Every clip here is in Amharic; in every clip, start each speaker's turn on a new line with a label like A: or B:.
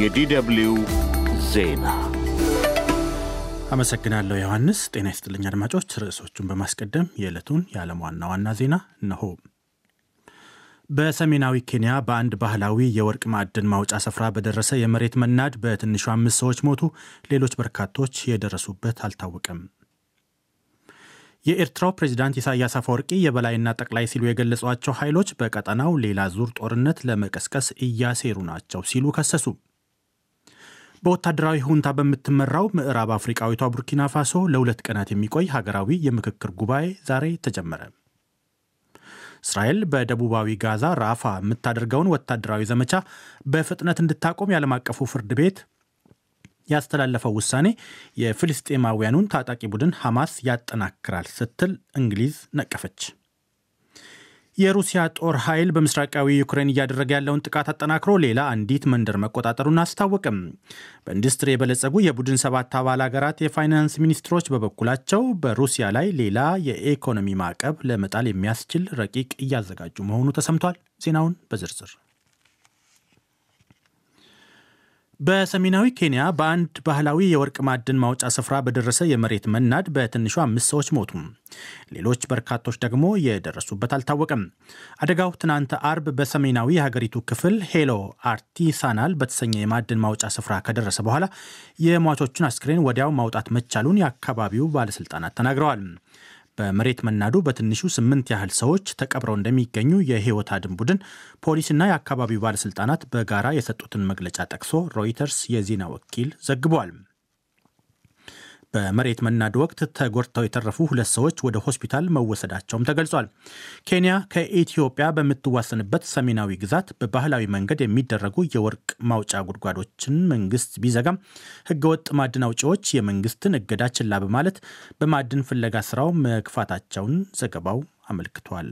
A: የዲደብልዩ ዜና አመሰግናለሁ ዮሐንስ። ጤና ይስጥልኝ አድማጮች። ርዕሶቹን በማስቀደም የዕለቱን የዓለም ዋና ዋና ዜና እነሆ። በሰሜናዊ ኬንያ በአንድ ባህላዊ የወርቅ ማዕድን ማውጫ ስፍራ በደረሰ የመሬት መናድ በትንሹ አምስት ሰዎች ሞቱ። ሌሎች በርካቶች የደረሱበት አልታወቀም። የኤርትራው ፕሬዚዳንት ኢሳያስ አፈወርቂ የበላይና ጠቅላይ ሲሉ የገለጿቸው ኃይሎች በቀጠናው ሌላ ዙር ጦርነት ለመቀስቀስ እያሴሩ ናቸው ሲሉ ከሰሱ። በወታደራዊ ሁንታ በምትመራው ምዕራብ አፍሪቃዊቷ ቡርኪና ፋሶ ለሁለት ቀናት የሚቆይ ሀገራዊ የምክክር ጉባኤ ዛሬ ተጀመረ። እስራኤል በደቡባዊ ጋዛ ራፋ የምታደርገውን ወታደራዊ ዘመቻ በፍጥነት እንድታቆም የዓለም አቀፉ ፍርድ ቤት ያስተላለፈው ውሳኔ የፍልስጤማውያኑን ታጣቂ ቡድን ሐማስ ያጠናክራል ስትል እንግሊዝ ነቀፈች። የሩሲያ ጦር ኃይል በምስራቃዊ ዩክሬን እያደረገ ያለውን ጥቃት አጠናክሮ ሌላ አንዲት መንደር መቆጣጠሩን አስታወቅም። በኢንዱስትሪ የበለጸጉ የቡድን ሰባት አባል ሀገራት የፋይናንስ ሚኒስትሮች በበኩላቸው በሩሲያ ላይ ሌላ የኢኮኖሚ ማዕቀብ ለመጣል የሚያስችል ረቂቅ እያዘጋጁ መሆኑ ተሰምቷል። ዜናውን በዝርዝር በሰሜናዊ ኬንያ በአንድ ባህላዊ የወርቅ ማዕድን ማውጫ ስፍራ በደረሰ የመሬት መናድ በትንሹ አምስት ሰዎች ሞቱ። ሌሎች በርካቶች ደግሞ የደረሱበት አልታወቀም። አደጋው ትናንት አርብ በሰሜናዊ የሀገሪቱ ክፍል ሄሎ አርቲሳናል በተሰኘ የማዕድን ማውጫ ስፍራ ከደረሰ በኋላ የሟቾቹን አስክሬን ወዲያው ማውጣት መቻሉን የአካባቢው ባለስልጣናት ተናግረዋል። በመሬት መናዱ በትንሹ ስምንት ያህል ሰዎች ተቀብረው እንደሚገኙ የህይወት አድን ቡድን ፖሊስና የአካባቢው ባለስልጣናት በጋራ የሰጡትን መግለጫ ጠቅሶ ሮይተርስ የዜና ወኪል ዘግቧል። በመሬት መናድ ወቅት ተጎድተው የተረፉ ሁለት ሰዎች ወደ ሆስፒታል መወሰዳቸውም ተገልጿል። ኬንያ ከኢትዮጵያ በምትዋሰንበት ሰሜናዊ ግዛት በባህላዊ መንገድ የሚደረጉ የወርቅ ማውጫ ጉድጓዶችን መንግስት ቢዘጋም ህገወጥ ማዕድን አውጪዎች የመንግስትን እገዳ ችላ በማለት በማዕድን ፍለጋ ስራው መግፋታቸውን ዘገባው አመልክቷል።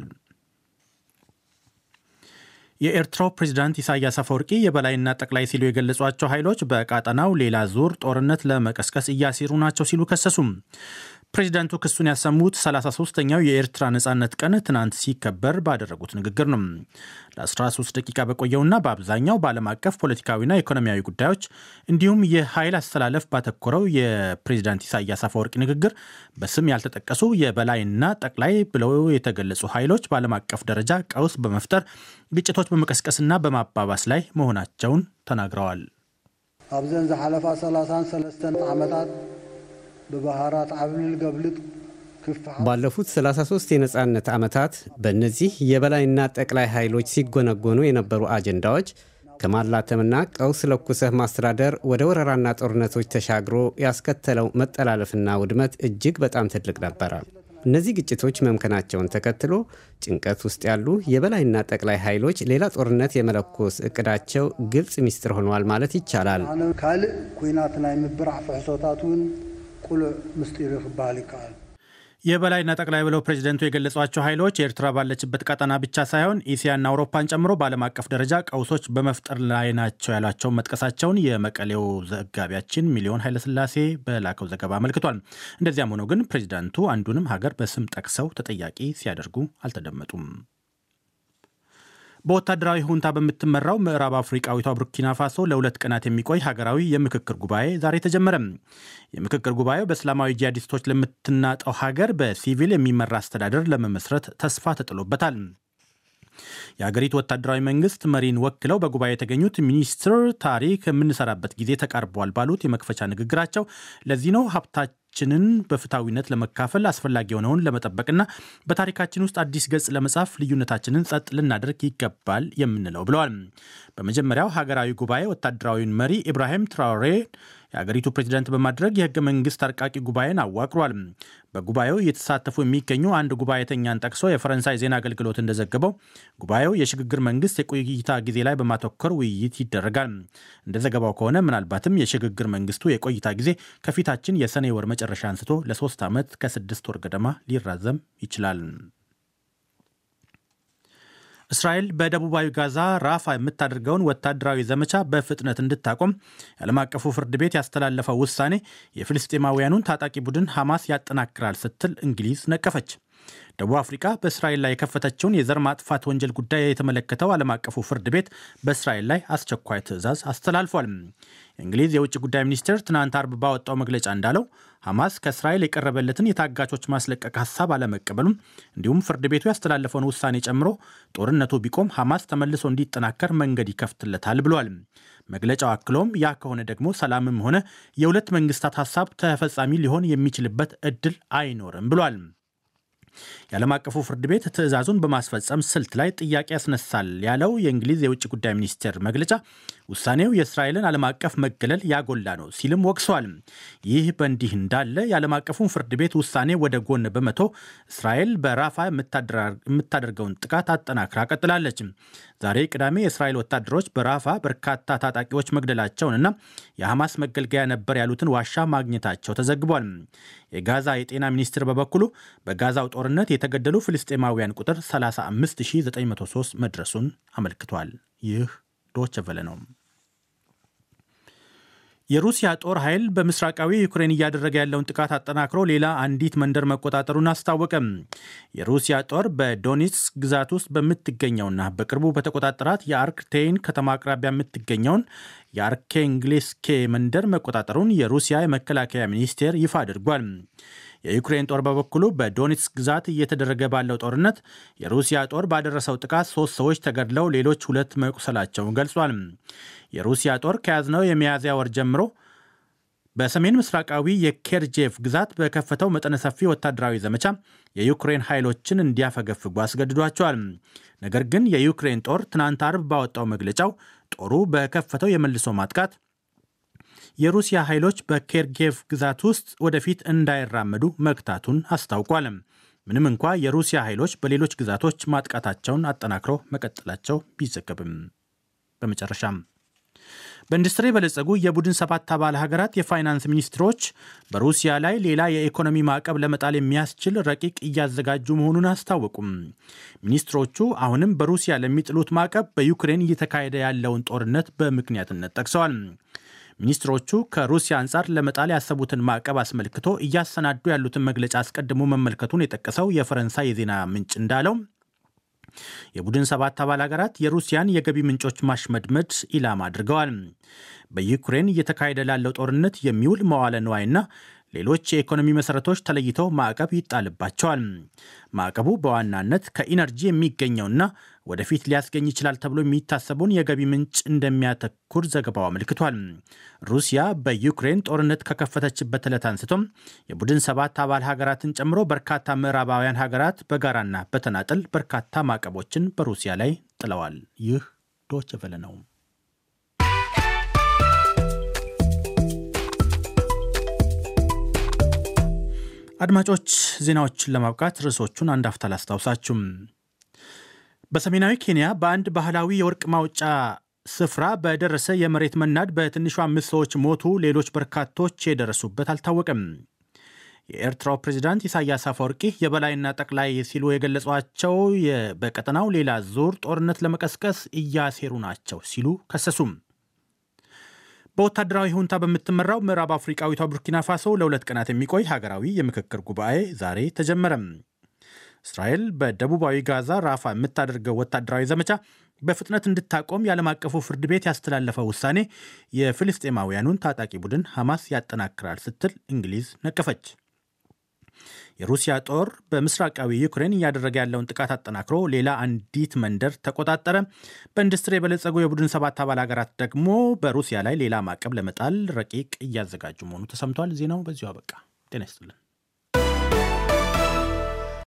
A: የኤርትራው ፕሬዝዳንት ኢሳያስ አፈወርቂ የበላይና ጠቅላይ ሲሉ የገለጿቸው ኃይሎች በቀጠናው ሌላ ዙር ጦርነት ለመቀስቀስ እያሴሩ ናቸው ሲሉ ከሰሱም። ፕሬዚዳንቱ ክሱን ያሰሙት 33ኛው የኤርትራ ነጻነት ቀን ትናንት ሲከበር ባደረጉት ንግግር ነው። ለ13 ደቂቃ በቆየውና በአብዛኛው በዓለም አቀፍ ፖለቲካዊና ኢኮኖሚያዊ ጉዳዮች እንዲሁም የኃይል አስተላለፍ ባተኮረው የፕሬዚዳንት ኢሳያስ አፈወርቂ ንግግር በስም ያልተጠቀሱ የበላይና ጠቅላይ ብለው የተገለጹ ኃይሎች በዓለም አቀፍ ደረጃ ቀውስ በመፍጠር ግጭቶች በመቀስቀስና በማባባስ ላይ መሆናቸውን ተናግረዋል። ኣብዘን ዝሓለፋ 33 ዓመታት በባህራት አብልል ገብልጥ ባለፉት 33 የነፃነት ዓመታት በእነዚህ የበላይና ጠቅላይ ኃይሎች ሲጎነጎኑ የነበሩ አጀንዳዎች ከማላተምና ቀውስ ለኩሰህ ማስተዳደር ወደ ወረራና ጦርነቶች ተሻግሮ ያስከተለው መጠላለፍና ውድመት እጅግ በጣም ትልቅ ነበረ። እነዚህ ግጭቶች መምከናቸውን ተከትሎ ጭንቀት ውስጥ ያሉ የበላይና ጠቅላይ ኃይሎች ሌላ ጦርነት የመለኮስ እቅዳቸው ግልጽ ሚስጥር ሆኗል ማለት ይቻላል። ካልእ ኩናት ናይ ምብራዕ ፍሕሶታት እውን ቁልዕ ምስጢር ክበሃል ይከኣል የበላይና ጠቅላይ ብለው ፕሬዚደንቱ የገለጿቸው ኃይሎች ኤርትራ ባለችበት ቀጠና ብቻ ሳይሆን ኢሲያና አውሮፓን ጨምሮ በዓለም አቀፍ ደረጃ ቀውሶች በመፍጠር ላይ ናቸው ያሏቸውን መጥቀሳቸውን የመቀሌው ዘጋቢያችን ሚሊዮን ኃይለስላሴ በላከው ዘገባ አመልክቷል። እንደዚያም ሆኖ ግን ፕሬዚዳንቱ አንዱንም ሀገር በስም ጠቅሰው ተጠያቂ ሲያደርጉ አልተደመጡም። በወታደራዊ ሁንታ በምትመራው ምዕራብ አፍሪቃዊቷ ቡርኪና ፋሶ ለሁለት ቀናት የሚቆይ ሀገራዊ የምክክር ጉባኤ ዛሬ ተጀመረ የምክክር ጉባኤው በእስላማዊ ጂሃዲስቶች ለምትናጠው ሀገር በሲቪል የሚመራ አስተዳደር ለመመስረት ተስፋ ተጥሎበታል። የአገሪቱ ወታደራዊ መንግስት መሪን ወክለው በጉባኤ የተገኙት ሚኒስትር ታሪክ የምንሰራበት ጊዜ ተቃርቧል ባሉት የመክፈቻ ንግግራቸው ለዚህ ነው ሀብታችንን በፍትሐዊነት ለመካፈል አስፈላጊ የሆነውን ለመጠበቅና በታሪካችን ውስጥ አዲስ ገጽ ለመጻፍ ልዩነታችንን ጸጥ ልናደርግ ይገባል የምንለው ብለዋል። በመጀመሪያው ሀገራዊ ጉባኤ ወታደራዊውን መሪ ኢብራሂም ትራውሬ የአገሪቱ ፕሬዚዳንት በማድረግ የህገ መንግስት አርቃቂ ጉባኤን አዋቅሯል። በጉባኤው እየተሳተፉ የሚገኙ አንድ ጉባኤተኛን ጠቅሶ የፈረንሳይ ዜና አገልግሎት እንደዘገበው ጉባኤው የሽግግር መንግስት የቆይታ ጊዜ ላይ በማተኮር ውይይት ይደረጋል። እንደ ዘገባው ከሆነ ምናልባትም የሽግግር መንግስቱ የቆይታ ጊዜ ከፊታችን የሰኔ ወር መጨረሻ አንስቶ ለሶስት ዓመት ከስድስት ወር ገደማ ሊራዘም ይችላል። እስራኤል በደቡባዊ ጋዛ ራፋ የምታደርገውን ወታደራዊ ዘመቻ በፍጥነት እንድታቆም የዓለም አቀፉ ፍርድ ቤት ያስተላለፈው ውሳኔ የፍልስጤማውያኑን ታጣቂ ቡድን ሐማስ ያጠናክራል ስትል እንግሊዝ ነቀፈች። ደቡብ አፍሪካ በእስራኤል ላይ የከፈተችውን የዘር ማጥፋት ወንጀል ጉዳይ የተመለከተው ዓለም አቀፉ ፍርድ ቤት በእስራኤል ላይ አስቸኳይ ትዕዛዝ አስተላልፏል። እንግሊዝ የውጭ ጉዳይ ሚኒስቴር ትናንት አርብ ባወጣው መግለጫ እንዳለው ሐማስ ከእስራኤል የቀረበለትን የታጋቾች ማስለቀቅ ሀሳብ አለመቀበሉም እንዲሁም ፍርድ ቤቱ ያስተላለፈውን ውሳኔ ጨምሮ ጦርነቱ ቢቆም ሐማስ ተመልሶ እንዲጠናከር መንገድ ይከፍትለታል ብሏል። መግለጫው አክሎም ያ ከሆነ ደግሞ ሰላምም ሆነ የሁለት መንግስታት ሀሳብ ተፈጻሚ ሊሆን የሚችልበት እድል አይኖርም ብሏል። የዓለም አቀፉ ፍርድ ቤት ትዕዛዙን በማስፈጸም ስልት ላይ ጥያቄ ያስነሳል ያለው የእንግሊዝ የውጭ ጉዳይ ሚኒስቴር መግለጫ ውሳኔው የእስራኤልን ዓለም አቀፍ መገለል ያጎላ ነው ሲልም ወቅሰዋል። ይህ በእንዲህ እንዳለ የዓለም አቀፉን ፍርድ ቤት ውሳኔ ወደ ጎን በመቶ እስራኤል በራፋ የምታደርገውን ጥቃት አጠናክራ ቀጥላለች። ዛሬ ቅዳሜ የእስራኤል ወታደሮች በራፋ በርካታ ታጣቂዎች መግደላቸውንና የሐማስ መገልገያ ነበር ያሉትን ዋሻ ማግኘታቸው ተዘግቧል። የጋዛ የጤና ሚኒስትር በበኩሉ በጋዛው ጦር ጦርነት የተገደሉ ፍልስጤማውያን ቁጥር 35903 መድረሱን አመልክቷል። ይህ ዶች ነው። የሩሲያ ጦር ኃይል በምስራቃዊ ዩክሬን እያደረገ ያለውን ጥቃት አጠናክሮ ሌላ አንዲት መንደር መቆጣጠሩን አስታወቀም። የሩሲያ ጦር በዶኔትስክ ግዛት ውስጥ በምትገኘውና በቅርቡ በተቆጣጠራት የአርክቴይን ከተማ አቅራቢያ የምትገኘውን የአርኬንግሌስኬ መንደር መቆጣጠሩን የሩሲያ የመከላከያ ሚኒስቴር ይፋ አድርጓል። የዩክሬን ጦር በበኩሉ በዶኔትስክ ግዛት እየተደረገ ባለው ጦርነት የሩሲያ ጦር ባደረሰው ጥቃት ሶስት ሰዎች ተገድለው ሌሎች ሁለት መቁሰላቸውን ገልጿል። የሩሲያ ጦር ከያዝነው የሚያዝያ ወር ጀምሮ በሰሜን ምስራቃዊ የኬርጄቭ ግዛት በከፈተው መጠነ ሰፊ ወታደራዊ ዘመቻ የዩክሬን ኃይሎችን እንዲያፈገፍጉ አስገድዷቸዋል። ነገር ግን የዩክሬን ጦር ትናንት አርብ ባወጣው መግለጫው ጦሩ በከፈተው የመልሶ ማጥቃት የሩሲያ ኃይሎች በኬርጌቭ ግዛት ውስጥ ወደፊት እንዳይራመዱ መግታቱን አስታውቋል። ምንም እንኳ የሩሲያ ኃይሎች በሌሎች ግዛቶች ማጥቃታቸውን አጠናክረው መቀጠላቸው ቢዘገብም። በመጨረሻም በኢንዱስትሪ የበለጸጉ የቡድን ሰባት አባል ሀገራት የፋይናንስ ሚኒስትሮች በሩሲያ ላይ ሌላ የኢኮኖሚ ማዕቀብ ለመጣል የሚያስችል ረቂቅ እያዘጋጁ መሆኑን አስታወቁም። ሚኒስትሮቹ አሁንም በሩሲያ ለሚጥሉት ማዕቀብ በዩክሬን እየተካሄደ ያለውን ጦርነት በምክንያትነት ጠቅሰዋል። ሚኒስትሮቹ ከሩሲያ አንጻር ለመጣል ያሰቡትን ማዕቀብ አስመልክቶ እያሰናዱ ያሉትን መግለጫ አስቀድሞ መመልከቱን የጠቀሰው የፈረንሳይ የዜና ምንጭ እንዳለው የቡድን ሰባት አባል ሀገራት የሩሲያን የገቢ ምንጮች ማሽመድመድ ኢላማ አድርገዋል። በዩክሬን እየተካሄደ ላለው ጦርነት የሚውል መዋለ ንዋይና ሌሎች የኢኮኖሚ መሰረቶች ተለይተው ማዕቀብ ይጣልባቸዋል። ማዕቀቡ በዋናነት ከኢነርጂ የሚገኘውና ወደፊት ሊያስገኝ ይችላል ተብሎ የሚታሰበውን የገቢ ምንጭ እንደሚያተኩር ዘገባው አመልክቷል። ሩሲያ በዩክሬን ጦርነት ከከፈተችበት ዕለት አንስቶም የቡድን ሰባት አባል ሀገራትን ጨምሮ በርካታ ምዕራባውያን ሀገራት በጋራና በተናጠል በርካታ ማዕቀቦችን በሩሲያ ላይ ጥለዋል። ይህ ዶችቨለ ነው። አድማጮች ዜናዎችን ለማብቃት ርዕሶቹን አንድ አፍታ ላስታውሳችሁም። በሰሜናዊ ኬንያ በአንድ ባህላዊ የወርቅ ማውጫ ስፍራ በደረሰ የመሬት መናድ በትንሹ አምስት ሰዎች ሞቱ፣ ሌሎች በርካቶች የደረሱበት አልታወቅም። የኤርትራው ፕሬዚዳንት ኢሳያስ አፈወርቂ የበላይና ጠቅላይ ሲሉ የገለጿቸው በቀጠናው ሌላ ዙር ጦርነት ለመቀስቀስ እያሴሩ ናቸው ሲሉ ከሰሱም። በወታደራዊ ሁንታ በምትመራው ምዕራብ አፍሪቃዊቷ ቡርኪና ፋሶ ለሁለት ቀናት የሚቆይ ሀገራዊ የምክክር ጉባኤ ዛሬ ተጀመረም። እስራኤል በደቡባዊ ጋዛ ራፋ የምታደርገው ወታደራዊ ዘመቻ በፍጥነት እንድታቆም የዓለም አቀፉ ፍርድ ቤት ያስተላለፈው ውሳኔ የፍልስጤማውያኑን ታጣቂ ቡድን ሐማስ ያጠናክራል ስትል እንግሊዝ ነቀፈች። የሩሲያ ጦር በምስራቃዊ ዩክሬን እያደረገ ያለውን ጥቃት አጠናክሮ ሌላ አንዲት መንደር ተቆጣጠረ። በኢንዱስትሪ የበለጸጉ የቡድን ሰባት አባል ሀገራት ደግሞ በሩሲያ ላይ ሌላ ማዕቀብ ለመጣል ረቂቅ እያዘጋጁ መሆኑ ተሰምቷል። ዜናው በዚሁ አበቃ። ጤና ይስጥልን።